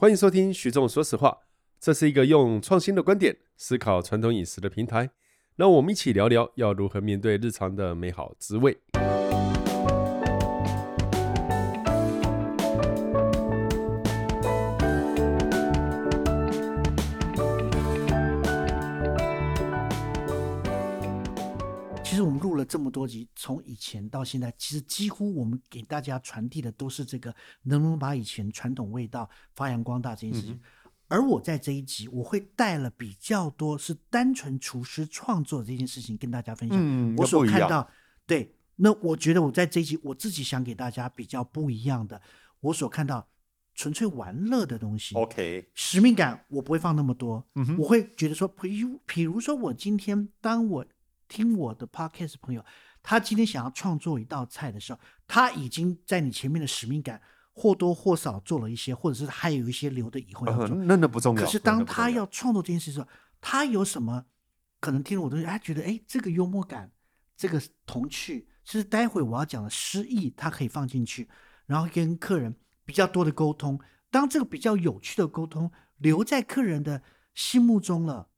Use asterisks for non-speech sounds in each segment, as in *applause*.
歡迎收聽徐總說實話，這是一個用創新的觀點思考傳統飲食的平台。讓我們一起聊聊，要如何面對日常的美好滋味。這麼多集，從以前到現在，其實幾乎我們給大家傳遞的都是這個，能不能把以前傳統味道發揚光大這件事情，嗯。而我在這一集，我會帶了比較多是單純廚師創作這件事情跟大家分享。嗯，我所看到，對，那我覺得我在這一集，我自己想給大家比較不一樣的，我所看到純粹玩樂的東西。OK，使命感我不會放那麼多，嗯、我會覺得說，比如比如說我今天當我。聽我的 podcast 朋友，他今天想要創作一道菜的時候，他已經在你前面的使命感或多或少做了一些，或者是還有一些留的以後、嗯、那那不重要。可是當他要創作這件事的時候，他有什麼可能？聽了我的東西，他、哎、覺得哎，這個幽默感，這個童趣，其實待會我要講的詩意，他可以放進去，然後跟客人比較多的溝通。當這個比較有趣的溝通留在客人的心目中了，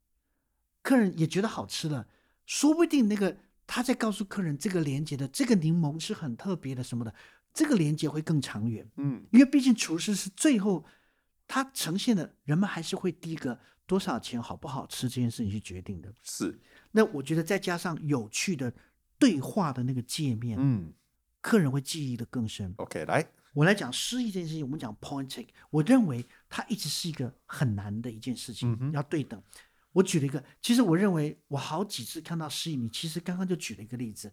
客人也覺得好吃了。說不定那個他在告訴客人，這個連接的這個檸檬是很特別的，什麼的，這個連接會更長遠。嗯，因為畢竟廚師是最後他呈現的，人們還是會第一個多少錢、好不好吃這件事情去決定的。是。那我覺得再加上有趣的對話的那個界面，嗯，客人會記憶的更深。OK，來，我來講詩意這件事情。我們講 poetic，我認為它一直是一個很難的一件事情，嗯、要對等。我舉了一個，其實我認為我好幾次看到詩意。你其實剛剛就舉了一個例子，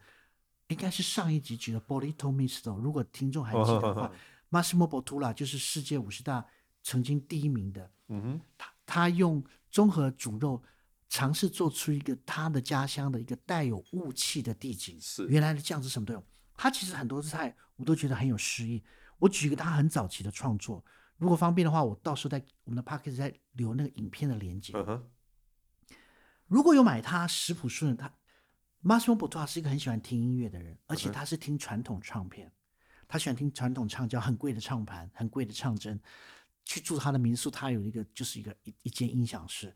應該是上一集舉的 Bollito Misto。如果聽眾還記得的話 Massimo Bottura、uh -huh. 就是世界五十大曾經第一名的。嗯、uh、哼 -huh.，他他用綜合煮肉嘗試做出一個他的家鄉的一個帶有霧氣的地景。是、uh -huh. 原來的醬汁什麼都有。他其實很多菜我都覺得很有詩意。我舉一個他很早期的創作，如果方便的話，我到時候在我們的 podcast 在留那個影片的連接。Uh -huh. 如果有買他食譜書的他 Massimo Bottura 是一個很喜歡聽音樂的人，而且他是聽傳統唱片，他喜歡聽傳統唱叫很貴的唱盤，很貴的唱針。去住他的民宿，他有一個就是一個一一間音響室。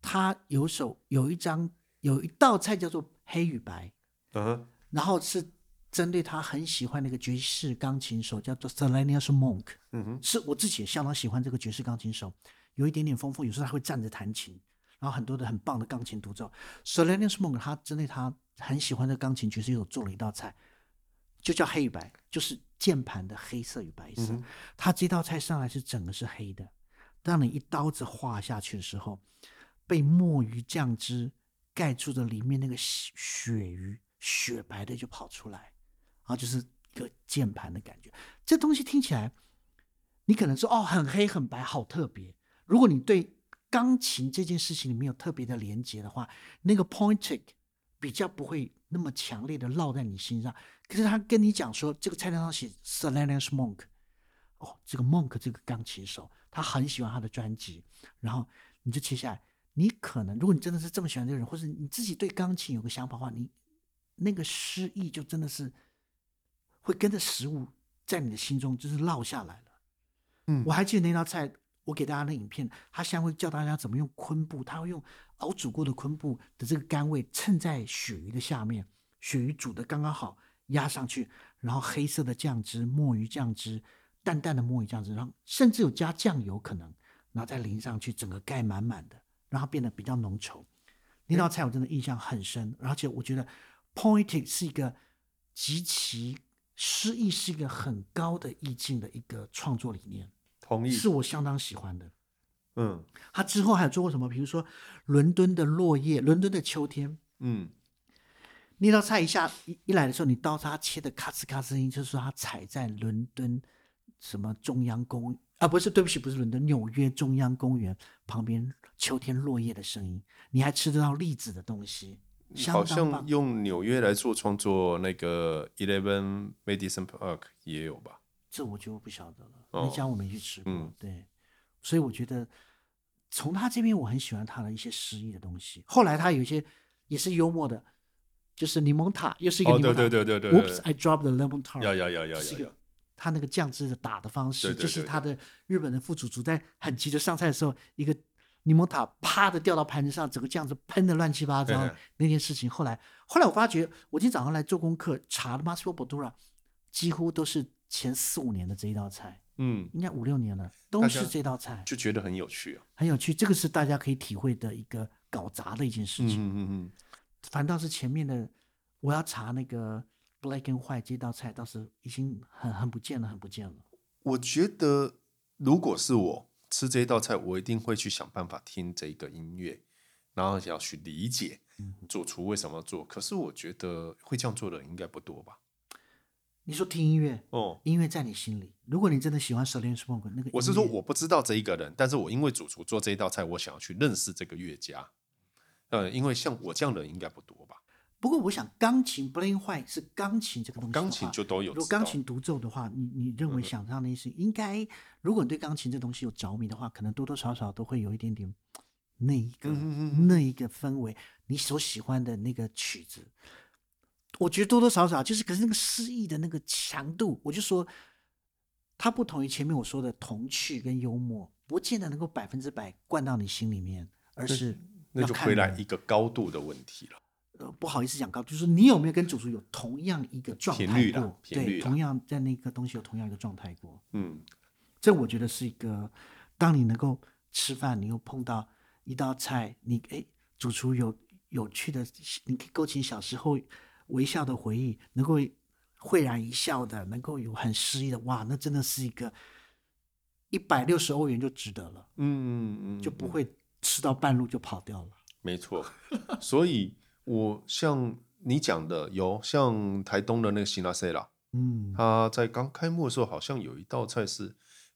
他有首有一張有一道菜叫做黑與白，嗯、uh -huh. 然後是針對他很喜歡那個爵士鋼琴手叫做 Thelonious Monk，嗯哼，是我自己也相當喜歡這個爵士鋼琴手，有一點點豐富，有時候他會站着彈琴。然後很多的很棒的鋼琴獨奏，Solange Moon，他針對他很喜歡的鋼琴爵士，就是，有做了一道菜，就叫黑與白，就是鍵盤的黑色與白色。嗯、他這道菜上來是整個是黑的，當你一刀子劃下去的時候，被墨魚醬汁蓋住的裡面那個鱈魚雪白的就跑出來，然，啊，後就是一個鍵盤的感覺。這東西聽起來，你可能說哦，很黑很白，好特別。如果你對。鋼琴這件事情裡面有特別的連接的話，那個 point 比較不會那麼強烈的烙在你心上。可是他跟你講說，這個菜單上寫 Thelonious Monk，哦，這個 Monk 這個鋼琴手，他很喜歡他的專輯。然後你就切下來，你可能如果你真的是這麼喜歡這個人，或者你自己對鋼琴有個想法的話，你那個詩意就真的是會跟着食物在你的心中就是烙下來了。嗯，我還記得那道菜。我給大家的影片，他現在會教大家怎麼用昆布，他會用熬煮過的昆布的這個甘味襯在鱈魚的下面，鱈魚煮的剛剛好壓上去，然後黑色的醬汁，墨魚醬汁，淡淡的墨魚醬汁，然後甚至有加醬油可能，然後再淋上去，整個蓋滿滿的，然後變得比較濃稠。那道菜我真的印象很深，而且我覺得 poetic 是一個極其詩意，是一個很高的意境的一個創作理念。是我相當喜歡的，嗯，他之後還有做過什麼？比如說倫敦的落葉，倫敦的秋天，嗯，那道菜一下一一來的時候，你刀叉切的咔哧咔哧聲音，就是說他踩在倫敦什麼中央公啊，不是，對不起，不是倫敦，紐約中央公園旁邊秋天落葉的聲音，你還吃得到栗子的東西，好像用紐約來做創作，那個 Eleven Madison Park 也有吧？這我就不曉得了。那、oh, 家我沒去吃過。對、嗯，所以我覺得從他這邊，我很喜歡他的一些詩意的東西。後來他有一些也是幽默的，就是檸檬塔又是一個檸檬塔。Oh, 對，對，對，對對對對對。Oops, I dropped the lemon tart. 要要要要他那個醬汁的打的方式，yeah, yeah, yeah. 就是他的日本的副主廚在很急的上菜的時候，yeah, yeah, yeah. 一個檸檬塔啪的掉到盤子上，整個醬汁噴的亂七八糟。Yeah. 那件事情後來，後來我發覺，我今天早上來做功課查了 Massimo Bottura，幾乎都是。前四五年的這一道菜，嗯，應該五六年了，都是這道菜，就覺得很有趣啊，很有趣。這個是大家可以體會的一個搞砸的一件事情。嗯嗯嗯。反倒是前面的，我要查那個 black and white 這道菜，倒是已經很很不見了，很不見了。我覺得如果是我吃這一道菜，我一定會去想辦法聽這一個音樂，然後要去理解主廚為什麼要做，嗯。可是我覺得會這樣做的人應該不多吧。你說聽音樂哦，音樂在你心裡。如果你真的喜歡《s h e l l 那個，我是說我不知道這一個人，但是我因為主廚做這一道菜，我想要去認識這個樂家。呃，因為像我這樣的人應該不多吧？不過我想，鋼琴不 l a i 壞是鋼琴這個東西，鋼、哦、琴就都有。如果鋼琴獨奏的話，你你認為想唱的是、嗯、應該，如果你對鋼琴這東西有着迷的話，可能多多少少都會有一點點那一個、嗯、哼哼那一個氛圍，你所喜歡的那個曲子。我覺得多多少少就是，可是那個詩意的那個強度，我就說它不同於前面我說的童趣跟幽默，不見得能夠百分之百灌到你心裡面，而是那就回來一個高度的問題了。呃，不好意思講高，就是你有沒有跟主廚有同樣一個狀態過？對，同樣在那個東西有同樣一個狀態過？嗯，這我覺得是一個，當你能夠吃飯，你又碰到一道菜，你哎、欸，主廚有有趣的，你可以勾起小時候。微笑的回憶，能夠會然一笑的，能夠有很詩意的，哇，那真的是一個一百六十歐元就值得了，嗯嗯嗯，就不會吃到半路就跑掉了。沒錯，所以我像你講的， *laughs* 有像台東的那個 Sinasera，嗯，他在剛開幕的時候好像有一道菜是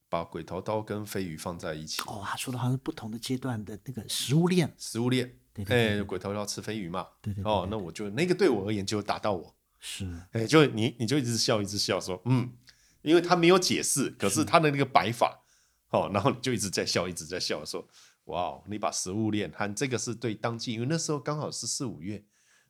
把鬼頭刀跟飛魚放在一起。哦，他說的好像是不同的階段的那個食物鏈。食物鏈。哎、欸，鬼頭刀要吃飛魚嘛？對對哦、喔，那我就那個對我而言就打到我，是哎、欸，就你你就一直笑一直笑說嗯，因為他沒有解釋，可是他的那個擺法哦、喔，然後你就一直在笑一直在笑說哇，你把食物鏈喊這個是對當季，因為那時候剛好是四五月，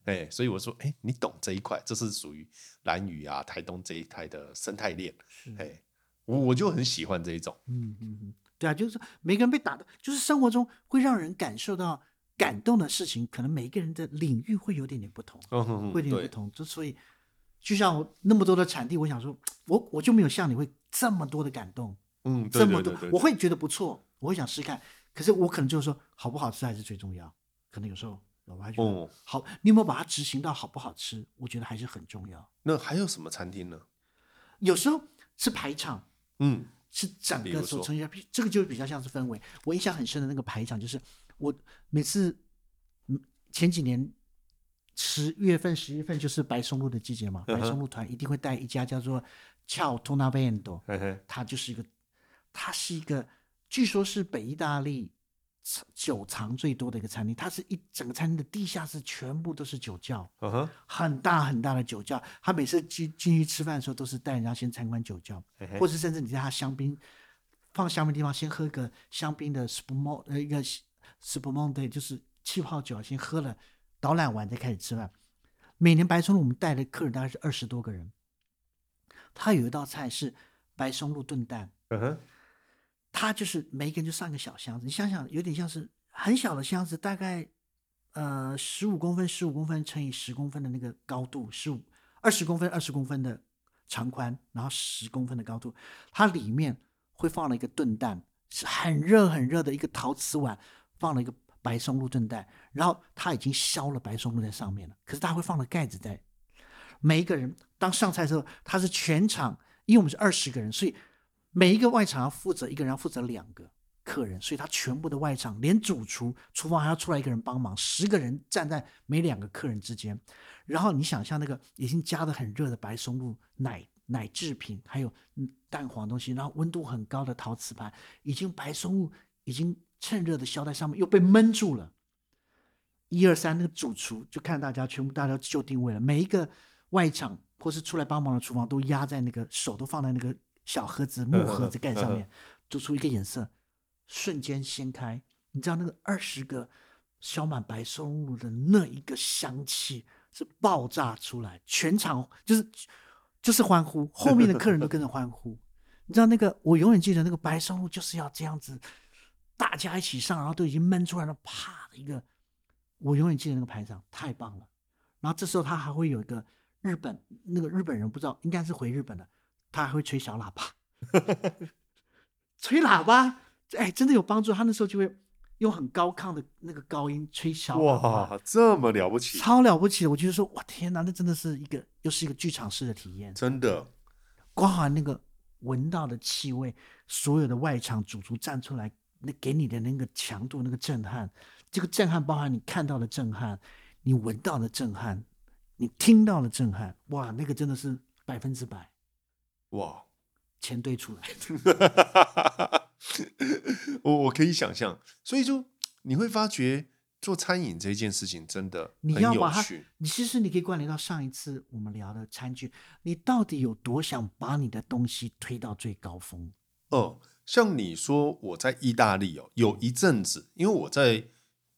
哎、嗯欸，所以我說哎、欸，你懂這一塊，這是屬於蘭嶼啊台東這一帶的生態鏈，哎、欸，我就很喜歡這一種嗯，嗯嗯，對啊，就是每個人被打到，就是生活中會讓人感受到。感動的事情，可能每一個人的領域會有點點不同，哦、哼哼會有點不同。之所以就像我那麼多的產地，我想說，我我就沒有像你會這麼多的感動，嗯，這麼多，對對對對對我會覺得不錯，我會想試試看。可是我可能就是說，好不好吃還是最重要。可能有時候我還覺得、哦，好，你有沒有把它執行到好不好吃？我覺得還是很重要。那還有什麼餐廳呢？有時候是排場，嗯，是整個組成一下，這個就比較像是氛圍。我印象很深的那個排場就是。我每次，嗯，前幾年十月份、十一份就是白松露的季節嘛，uh -huh. 白松露團一定會帶一家叫做喬托納貝恩多，它就是一個，它是一個，據說是北意大利酒藏最多的一個餐廳，它是一整個餐廳的地下室全部都是酒窖，uh -huh. 很大很大的酒窖，他每次進進去吃飯的時候都是帶人家先參觀酒窖，uh -huh. 或是甚至你在他香檳放香檳的地方先喝一個香檳的 small 呃一個。吃 Spumante 就是氣泡酒，先喝了，導覽完再開始吃飯。每年白松露，我們帶的客人大概是二十多個人。他有一道菜是白松露燉蛋。嗯哼，他就是每一根就上個小箱子，你想想，有點像是很小的箱子，大概呃十五公分、十五公分乘以十公分的那個高度，十五二十公分、二十公分的長寬，然後十公分的高度，它裡面會放了一個燉蛋，是很熱很熱的一個陶瓷碗。放了一個白松露燉蛋，然後他已經削了白松露在上面了。可是他會放了蓋子在。每一個人當上菜的時候，他是全場，因為我們是二十個人，所以每一個外場要負責一個人，要負責兩個客人，所以他全部的外場，連主廚、廚房還要出來一個人幫忙，十個人站在每兩個客人之間。然後你想象那個已經加得很熱的白松露奶奶製品，還有蛋黃東西，然後溫度很高的陶瓷盤，已經白松露已經。趁熱的削在上面又被悶住了，一二三，那個主廚就看大家全部，大家就定位了，每一個外場或是出來幫忙的廚房都壓在那個手，都放在那個小盒子、木盒子蓋上面，做出一個眼色，瞬間掀開，你知道那個二十個鑲滿白松露的那一個香氣是爆炸出來，全場就是、就是歡呼，後面的客人都跟着歡呼， *laughs* 你知道那個我永遠記得那個白松露就是要這樣子。大家一起上，然後都已經悶出來了，啪的一個，我永遠記得那個排場，太棒了。然後這時候他還會有一個日本那個日本人，不知道應該是回日本的，他還會吹小喇叭， *laughs* 吹喇叭，哎，真的有幫助。他那時候就會用很高亢的那個高音吹小喇叭，哇，這麼了不起，超了不起的！我就是說，哇，天哪，那真的是一個又是一個劇場式的體驗，真的，光好那個聞到的氣味，所有的外場主廚站出來。那給你的那個強度，那個震撼，這個震撼包含你看到的震撼，你聞到的震撼，你聽到的震撼，哇，那個真的是百分之百，哇，錢堆出來。我我可以想象，所以就你會發覺做餐飲這件事情真的很有趣，你要把它，你其實你可以關聯到上一次我們聊的餐具，你到底有多想把你的東西推到最高峰？哦。像你說，我在意大利，哦，有一陣子，因為我在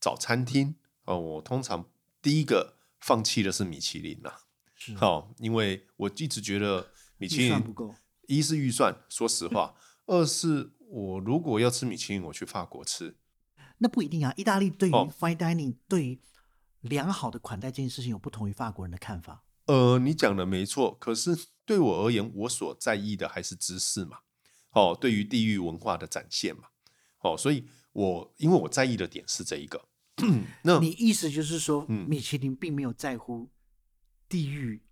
找餐廳哦、呃，我通常第一個放棄的是米其林啦、啊。好、哦，因為我一直覺得米其林一是預算，說實話； *laughs* 二是我如果要吃米其林，我去法國吃，那不一定啊。意大利對於 fine dining、哦、對於良好的款待這件事情，有不同於法國人的看法。呃，你講的沒錯，可是對我而言，我所在意的還是知識嘛。哦，對於地域文化的展現嘛，哦，所以我因為我在意的點是這一個，那你意思就是說、嗯，米其林並沒有在乎地域，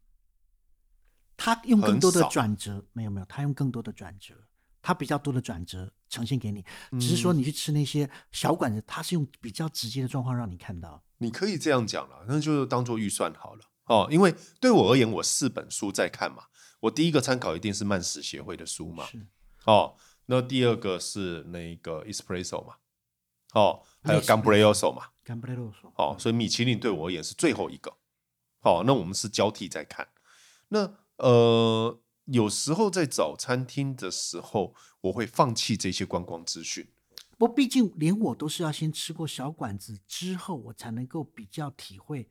他用更多的轉折，沒有沒有，他用更多的轉折，他比較多的轉折呈現給你、嗯，只是說你去吃那些小館子，他是用比較直接的狀況讓你看到。你可以這樣講了、啊，那就當做預算好了。哦，因為對我而言，我四本書在看嘛，我第一個參考一定是慢食協會的書嘛。哦，那第二個是那個 Espresso 嘛，哦，還有 Gambero Rosso 嘛 Gambero Rosso 哦，所以米其林對我而言是最後一個，好、哦，那我們是交替在看，那呃，有時候在找餐廳的時候，我會放棄這些觀光資訊，不，畢竟連我都是要先吃過小館子之後，我才能夠比較體會，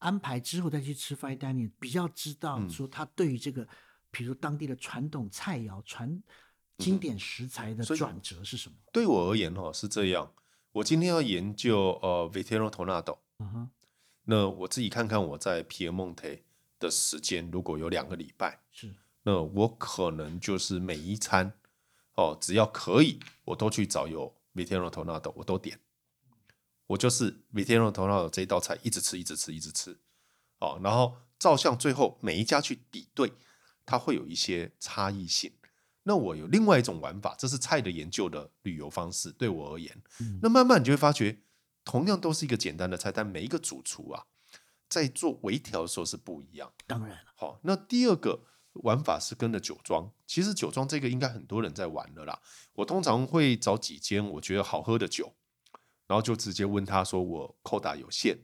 安排之後再去吃 Fine Dining 比較知道說他對於這個，嗯、比如當地的傳統菜肴傳。經典食材的轉折是什麼？嗯、對我而言、哦，哈是這樣。我今天要研究呃 vitello tonnato。嗯哼。Tonnato, uh -huh. 那我自己看看我在 Piemonte 的時間，如果有兩個禮拜，是。那我可能就是每一餐，哦，只要可以，我都去找有 vitello tonnato，我都點。我就是 vitello tonnato 這一道菜，一直吃，一直吃，一直吃，哦。然後照相，最後每一家去比對，它會有一些差異性。那我有另外一種玩法，這是菜的研究的旅遊方式。對我而言。嗯，那慢慢你就會發覺，同樣都是一個簡單的菜，但每一個主廚啊，在做微調的時候是不一樣。當然了。好。哦，那第二個玩法是跟着酒莊。其實酒莊這個應該很多人在玩的啦。我通常會找幾間我覺得好喝的酒，然後就直接問他說：“我扣打有限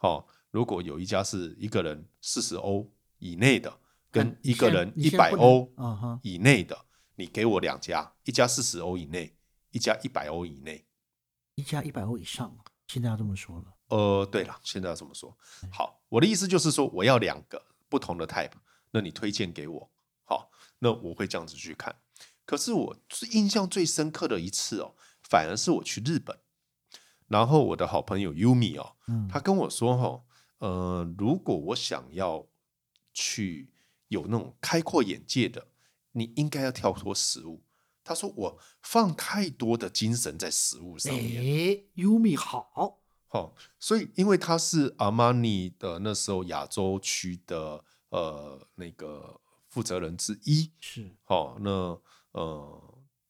哦，如果有一家是一個人四十歐以內的，跟一個人一百歐以內的。啊”你給我兩家，一家四十歐以內，一家一百歐以內，一家一百歐以上啊。現在要這麼說了？呃，對了，現在要這麼說？好，我的意思就是說，我要兩個不同的 type，那你推薦給我。好，那我會這樣子去看。可是我最印象最深刻的一次哦，反而是我去日本，然後我的好朋友優米哦、嗯，他跟我說哈、哦，呃，如果我想要去有那種開闊眼界的。你應該要跳脫食物，他說我放太多的精神在食物上面。欸，優米好，哦，所以因為他是阿瑪尼的那時候亞洲區的呃，那個負責人之一，是，哦，那呃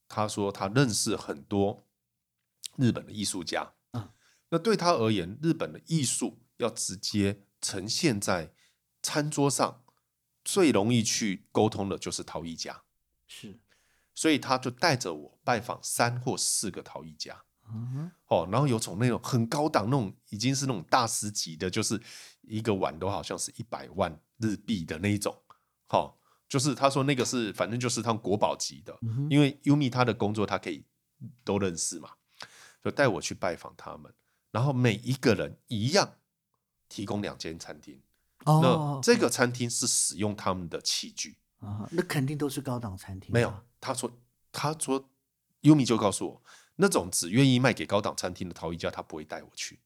他說他認識很多日本的藝術家，嗯，那對他而言，日本的藝術要直接呈現在餐桌上。最容易去溝通的就是陶藝家，是，所以他就帶着我拜訪三或四個陶藝家、嗯哼，哦，然後有種那種很高檔那種，已經是那種大師級的，就是一個碗都好像是一百萬日幣的那一種，就是他說那個是反正就是他國寶級的，因為優米他的工作他可以都認識嘛，就帶我去拜訪他們，然後每一個人一樣提供兩間餐廳。Oh, okay. 那這個餐廳是使用他們的器具啊？那、oh, okay. oh, 肯定都是高檔餐廳、啊。沒有，他說，他說，優米就告訴我，那種只願意賣給高檔餐廳的陶藝家，他不會帶我去。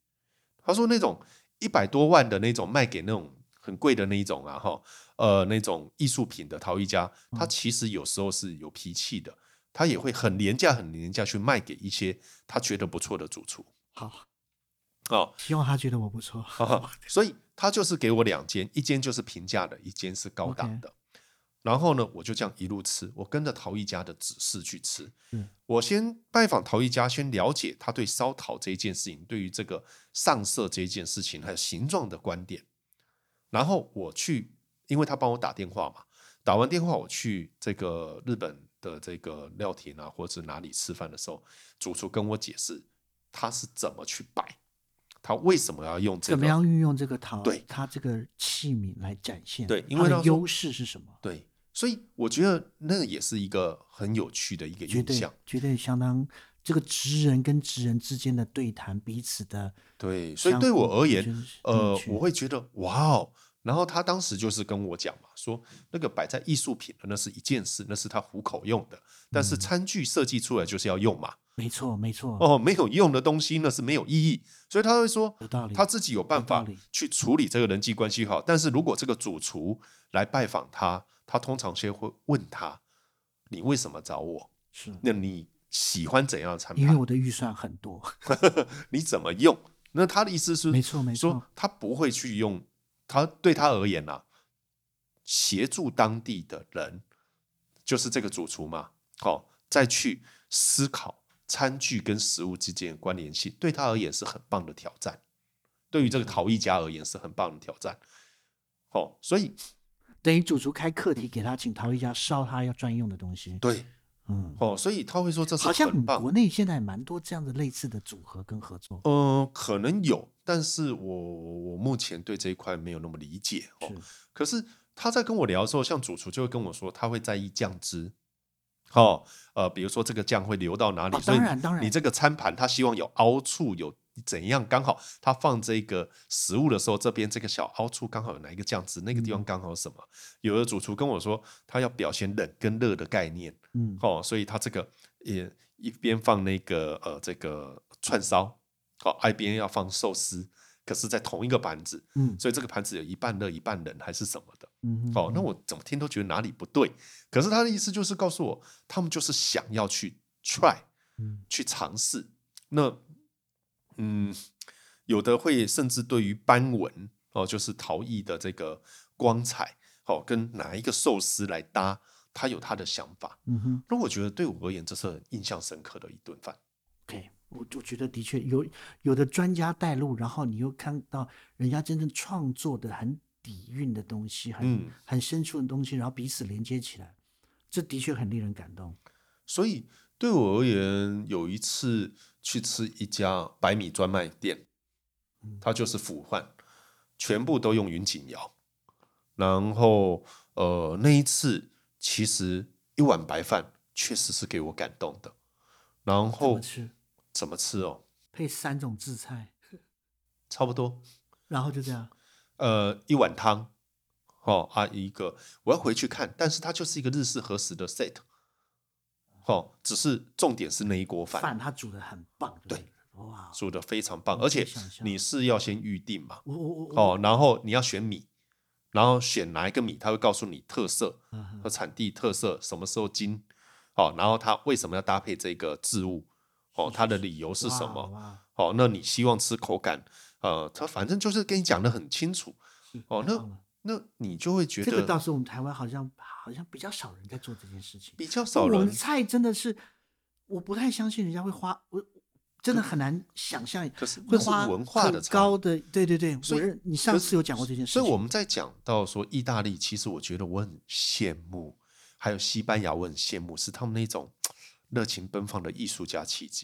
他說，那種一百多萬的那種，賣給那種很貴的那一種啊，哈，呃，那種藝術品的陶藝家，他其實有時候是有脾氣的，oh. 他也會很廉價、很廉價去賣給一些他覺得不錯的主廚。好，好，希望他覺得我不錯， *laughs* *laughs* 所以。他就是給我兩間，一間就是平價的，一間是高檔的。Okay. 然後呢，我就這樣一路吃，我跟着陶藝家的指示去吃。嗯、我先拜訪陶藝家，先了解他對燒陶這一件事情，對於這個上色這一件事情、嗯、還有形狀的觀點。然後我去，因為他幫我打電話嘛，打完電話我去這個日本的這個料亭啊，或者是哪裡吃飯的時候，主廚跟我解釋他是怎麼去擺。他為什麼要用、這個、怎麼樣運用這個陶？對，他這個器皿來展現。對，因為優勢是什麼？對，所以我覺得那個也是一個很有趣的一個印象，覺得相當這個職人跟職人之間的對談，彼此的對。所以對我而言，就是、呃，我會覺得哇哦！然後他當時就是跟我講嘛。說那個擺在藝術品的那是一件事，那是他糊口用的、嗯，但是餐具設計出來就是要用嘛？沒錯，沒錯。哦，沒有用的東西那是沒有意義，所以他會說，他自己有辦法去處理這個人際關係哈、嗯。但是如果這個主廚來拜訪他，他通常先會問他，你為什麼找我？是？那你喜歡怎樣的產品？因為我的預算很多， *laughs* 你怎麼用？那他的意思是說沒錯，沒錯，說他不會去用，他對他而言啊。協助當地的人，就是這個主廚嘛，好、哦，再去思考餐具跟食物之間的關聯性，對他而言是很棒的挑戰，對於這個陶藝家而言是很棒的挑戰，哦，所以等於主廚開課題給他，請陶藝家燒他要專用的東西，對，嗯，哦，所以他會說這是很棒。好像國內現在蠻多這樣的類似的組合跟合作，嗯、呃，可能有，但是我我目前對這一塊沒有那麼理解哦，可是他在跟我聊的時候，像主廚就會跟我說，他會在意醬汁，哦，呃，比如說這個醬會流到哪裡，啊，所以你這個餐盤他希望有凹處，有怎樣剛好他放這個食物的時候，這邊這個小凹處剛好有哪一個醬汁，那個地方剛好什麼。嗯、有的主廚跟我說，他要表現冷跟熱的概念，嗯，哦，所以他這個也一邊放那個呃這個串燒，還、哦、一邊要放壽司。可是，在同一個盤子，嗯，所以這個盤子有一半熱，一半冷，還是什麼的，嗯嗯，哦，那我怎麼聽都覺得哪裡不對。可是他的意思就是告訴我，他們就是想要去 try，嗯，去嘗試。那，嗯，有的會甚至對於斑紋哦，就是陶藝的這個光彩哦，跟哪一個壽司來搭，他有他的想法，嗯哼。那我覺得對我而言，這是很印象深刻的一頓飯。我就覺得的確有有的專家帶路，然後你又看到人家真正創作的很底蘊的東西，很、嗯、很深處的東西，然後彼此連接起來，這的確很令人感動。所以對我而言，有一次去吃一家白米專賣店，嗯，它就是釜飯，全部都用雲錦窯，然後呃那一次其實一碗白飯確實是給我感動的，然後怎麼吃哦？配三種漬菜，差不多。然後就這樣，呃，一碗湯，哦啊一個，我要回去看。但是它就是一個日式和食的 set，哦，只是重點是那一鍋飯。飯它煮得很棒對對，對，哇，煮得非常棒。而且你是要先預定嘛哦哦哦哦哦？哦，然後你要選米，然後選哪一個米，它會告訴你特色和產地特色，嗯、什麼時候精，哦，然後它為什麼要搭配這個漬物。哦，他的理由是什麼？哦，那你希望吃口感？呃，他反正就是跟你講得很清楚。哦，那那你就會覺得，這個倒是我們台灣好像好像比較少人在做這件事情，比較少人。我們菜真的是，我不太相信人家會花，我真的很難想象會是花可是文化很高的。對對對，所以我認你上次有講過這件事，所以我們在講到說意大利，其實我覺得我很羨慕，還有西班牙，我很羨慕，是他們那種。熱情奔放的藝術家氣質，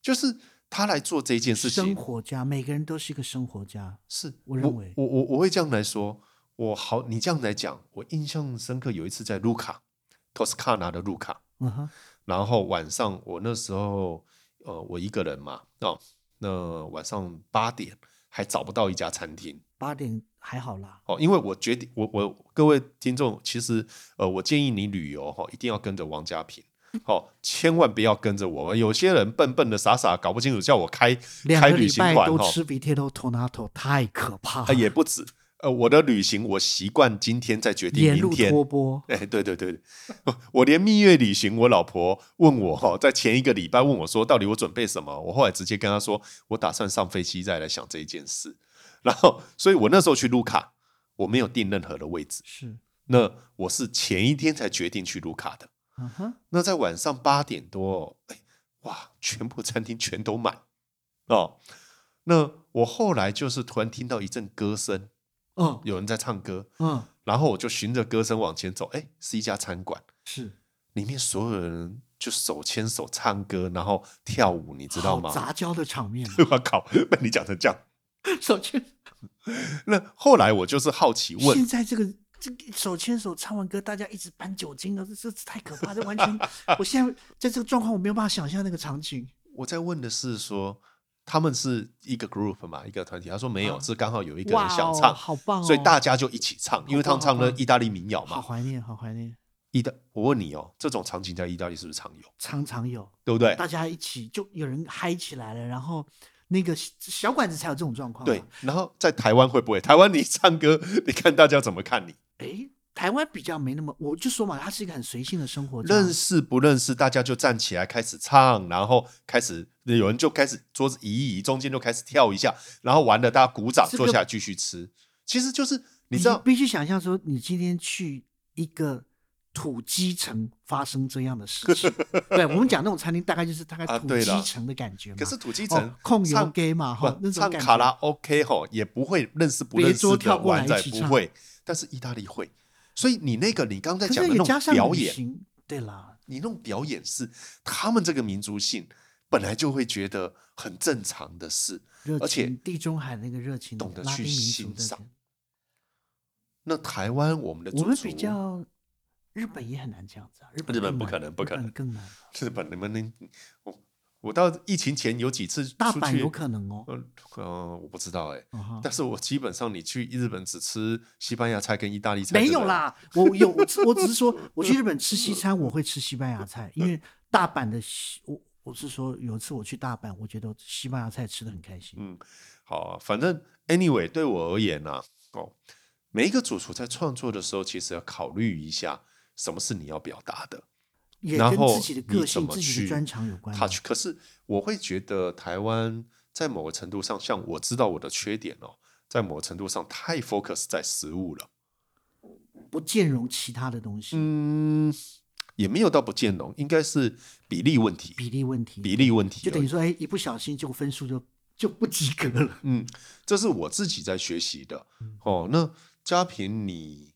就是他來做這件事情。生活家，每個人都是一個生活家，是我，我認為，我我我會這樣來說。我好，你這樣來講，我印象深刻。有一次在盧卡，托斯卡納的盧卡，嗯哼。然後晚上，我那時候呃，我一個人嘛、哦、那晚上八點還找不到一家餐廳。八點還好啦，哦，因為我決定，我我各位聽眾，其實呃，我建議你旅遊哈，一定要跟着王嘉平。哦，千萬不要跟着我。有些人笨笨的、傻傻的，搞不清楚，叫我開開旅行團哈。兩個禮拜都吃鼻貼，都塗哪太可怕了、呃。也不止。呃，我的旅行，我習慣今天再決定明天。連路拖波、欸。對對對、 *laughs* 哦，我連蜜月旅行，我老婆問我、哦、在前一個禮拜問我說，到底我準備什麼？我後來直接跟她說，我打算上飛機再來想這一件事。然後，所以我那時候去盧卡，我沒有訂任何的位置。是。那我是前一天才決定去盧卡的。嗯哼，那在晚上八點多，哎、欸，哇，全部餐廳全都滿哦。那我後來就是突然聽到一陣歌聲，嗯、oh.，有人在唱歌，嗯、oh.，然後我就循着歌聲往前走，哎、欸，是一家餐館，是裡面所有人就手牽手唱歌，然後跳舞，你知道嗎？雜交的場面、啊，我靠，被你講成這樣， *laughs* 手牽。那後來我就是好奇問，現在這個。手牽手唱完歌，大家一直搬酒精啊！這這太可怕，這完全…… *laughs* 我現在在這個狀況，我沒有辦法想象那個場景。我在問的是說，他們是一個 group 嘛，一個團體？他說沒有，啊、是剛好有一個人想唱，哦、好棒、哦！所以大家就一起唱、哦，因為他們唱了意大利民謠嘛。好懷念，好懷念！意大……我問你哦，這種場景在意大利是不是常有？常常有，對不對？大家一起就有人嗨起來了，然後那個小館子才有這種狀況、啊。對，然後在台灣會不會？台灣你唱歌，你看大家怎麼看你？誒、欸，台灣比較沒那麼，我就說嘛，它是一個很隨性的生活。認識不認識，大家就站起來開始唱，然後開始有人就開始桌子移移，中間就開始跳一下，然後完了大家鼓掌，坐下來繼續吃。其實就是你知道，你必須想象說，你今天去一個。土基層發生這樣的事情， *laughs* 對我們講那種餐廳大概就是大概土基層的感覺嘛。啊、可是土基層、哦，控 g 唱 K 嘛，吼那種卡拉 OK 吼、哦、也不會認識不認識跳舞玩在不會，但是意大利會。所以你那個你剛在講的那種表演，對啦，你那種表演是他們這個民族性本來就會覺得很正常的事，而且地中海那個熱情，懂得去欣賞。那台灣我們的祖族我們日本也很難這樣子啊！日本，日本不可能，不可能，更難。日本你，你們能？我我到疫情前有幾次大阪有可能哦？嗯、呃，我不知道哎、欸。Uh -huh. 但是我基本上，你去日本只吃西班牙菜跟意大利菜沒有啦。 *laughs* 我有，我只是說我去日本吃西餐， *laughs* 我會吃西班牙菜，因為大阪的西我我是說有一次我去大阪，我覺得西班牙菜吃得很開心。嗯，好、啊，反正 anyway 對我而言呢、啊，哦，每一個主廚在創作的時候，其實要考慮一下。什麼是你要表達的？然後自己的個性，麼自己的專長有關係。他去，可是我會覺得台灣在某個程度上，像我知道我的缺點哦、喔，在某個程度上太 focus 在食物了，不兼容其他的東西。嗯，也沒有到不兼容，應該是比例問題。比例問題，比例問題，就等於說，哎、欸，一不小心，就分數就就不及格了。嗯，這是我自己在學習的。哦、嗯，那嘉平你，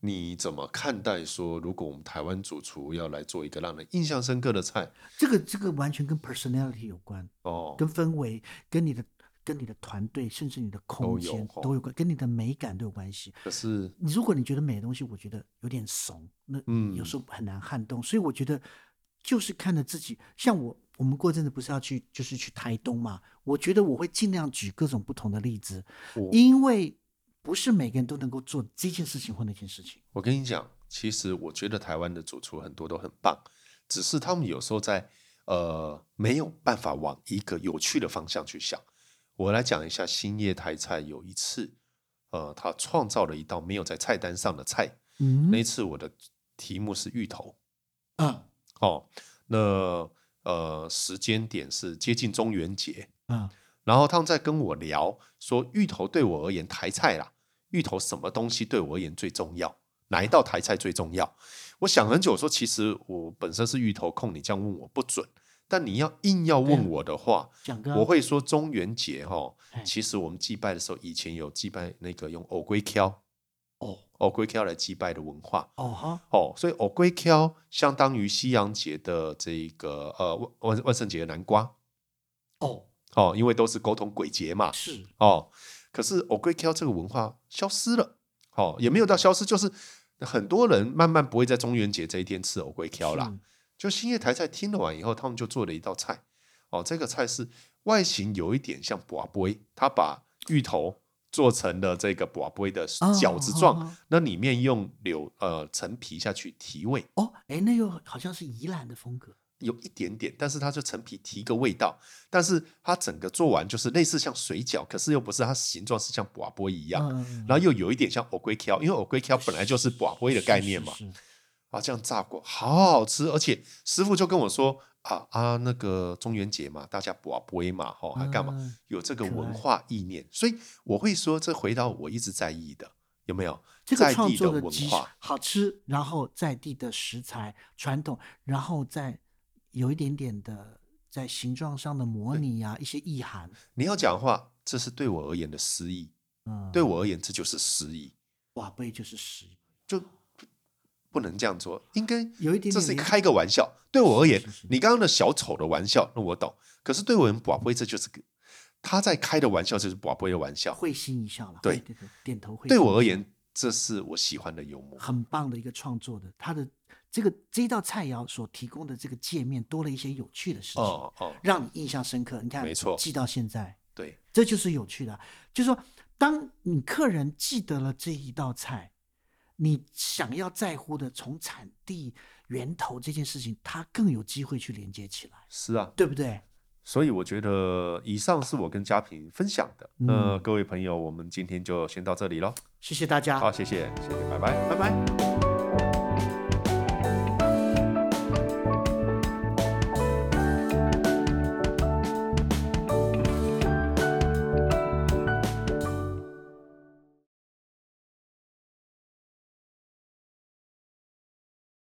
你怎麼看待說，如果我們台灣主廚要來做一個讓人印象深刻的菜，這個這個完全跟 personality 有關哦，跟氛圍、跟你的、跟你的團隊，甚至你的空間都有關，跟你的美感都有關係。可是，如果你覺得美的東西，我覺得有點慫，那有時候很難撼動。嗯、所以我覺得就是看着自己，像我，我們過陣子不是要去，就是去台東嘛？我覺得我會盡量舉各種不同的例子，哦、因為。不是每個人都能夠做這件事情或那件事情。我跟你講，其實我覺得台灣的主廚很多都很棒，只是他們有時候在呃沒有辦法往一個有趣的方向去想。我來講一下新葉台菜，有一次呃他創造了一道沒有在菜單上的菜。嗯。那一次我的題目是芋頭。嗯、啊，哦。那呃時間點是接近中元節。嗯、啊。然後他們在跟我聊說，芋頭對我而言台菜啦。芋頭什麼東西對我而言最重要？哪一道台菜最重要？我想很久說，說其實我本身是芋頭控。你這樣問我不準，但你要硬要問我的話，啊、我會說中元節哈、哦哎。其實我們祭拜的時候，以前有祭拜那個用芋粿巧，哦，芋粿巧來祭拜的文化，哦，哦所以芋粿巧相當於西洋節的這個呃萬萬萬聖節的南瓜，哦哦，因為都是溝通鬼節嘛，是哦。可是芋粿巧這個文化消失了，哦，也沒有到消失，就是很多人慢慢不會在中元節這一天吃芋粿巧了。就欣葉台菜聽了完以後，他們就做了一道菜，哦，這個菜是外形有一點像卜阿杯，他把芋頭做成了這個卜阿杯的餃子狀，哦，那裡面用柳呃陳皮下去提味。哦，哎，那又好像是宜蘭的風格。有一點點，但是它就陳皮提個味道，但是它整個做完就是類似像水餃，可是又不是，它形狀是像拜拜一樣，嗯，然後又有一點像蚵龜殼，因為蚵龜殼本來就是拜拜的概念嘛。啊，這樣炸過，好，好好吃，而且師傅就跟我說啊啊，那個中元節嘛，大家拜拜嘛吼，哦，還幹嘛，嗯？有這個文化意念，所以我會說，這回到我一直在意的，有沒有，這個，在地的文化，好吃，然後在地的食材傳統，然後在。有一點點的在形狀上的模擬呀、啊，一些意涵。你要講話，這是對我而言的詩意、嗯。對我而言，這就是詩意。瓦、呃、杯就是詩，就不能這樣做。應該有一點，這是個開個玩笑。對我而言是是是是，你剛剛的小丑的玩笑，那我懂。可是對我們瓦杯，這就是他在開的玩笑，就是瓦杯的玩笑。會心一笑啦，對、哦對，對點頭會，對我而言。這是我喜歡的幽默，很棒的一個創作的，它的這個這一道菜肴所提供的這個界面多了一些有趣的事情，哦、oh, oh, oh. 讓你印象深刻。你看，沒錯，記到現在，對，這就是有趣的。就是說，當你客人記得了這一道菜，你想要在乎的從產地源頭這件事情，它更有機會去連接起來。是啊，對不對？所以我覺得，以上是我跟嘉平分享的。那、嗯呃、各位朋友，我們今天就先到這裡嘍。謝謝大家。好，謝謝，謝謝，拜拜，拜拜。